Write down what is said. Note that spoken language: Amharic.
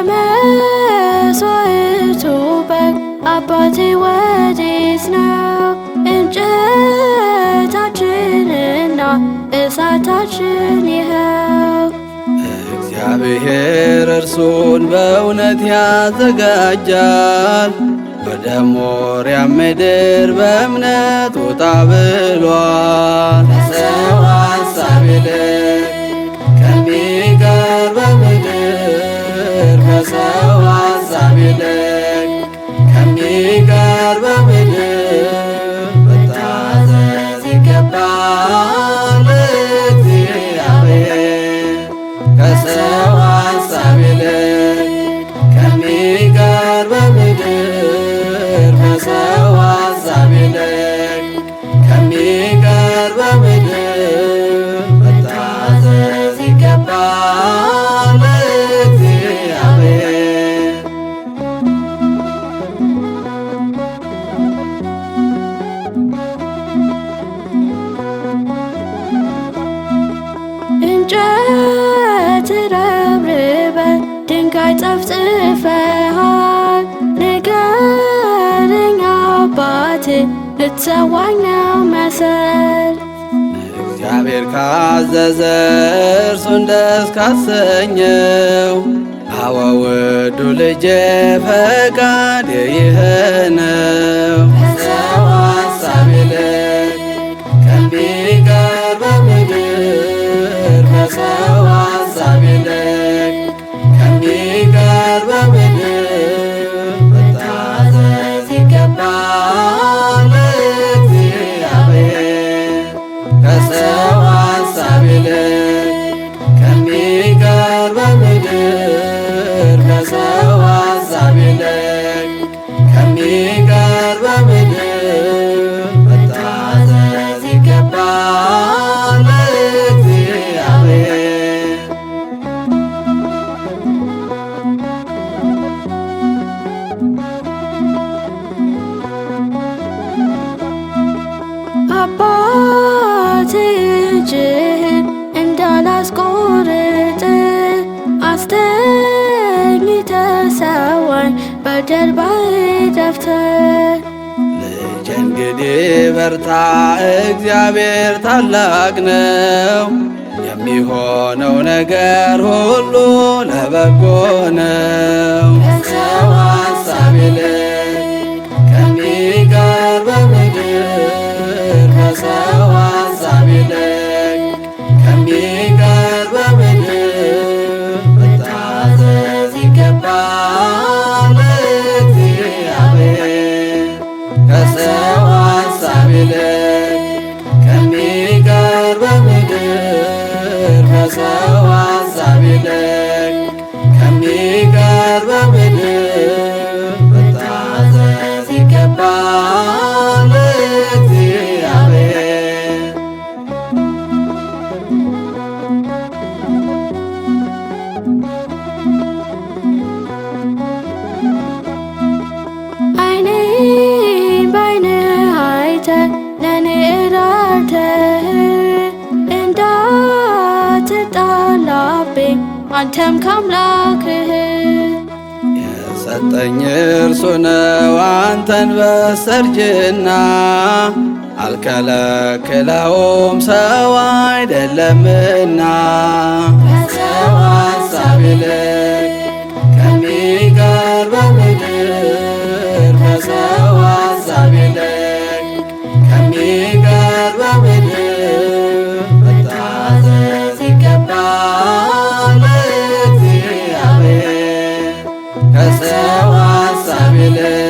ከመስዋዕቱ በግ አባቴ ወዴት ነው? እንጨታችንና እሳታችን ይኸው። እግዚአብሔር እርሱን በእውነት ያዘጋጃል። ወደ ሞሪያም ምድር በእምነት ውጣ ብሏል። ሰው ከሰው አሳቢ ይልቅ ከሚቀር እንጨት ረብርበ ድንጋይ ጠፍጥፈሃል ሕይወቴ ልትሰዋኝ ነው መሰል እግዚአብሔር ካዘዘ እርሱን ደስ ካሰኘው አወ ውዱ ልጄ ፈቃድ ይህ ነው ከሰው ሀሳብ ይልቅ ከሚቀር እጅህን እንዳላስቆርጥ አስተኝተ ሰዋኝ በጀርባዬ ደፍተህ ልጄ እንግዲህ በርታ፣ እግዚአብሔር ታላቅ ነው። የሚሆነው ነገር ሁሉ ለበጎ ነው። ከሰው ሀሳብ አንተም ካምላክህ የሰጠኝ እርሱ ነው አንተን በሰርጅና አልከለክለውም ሰው አይደለምና ከሰው Amen.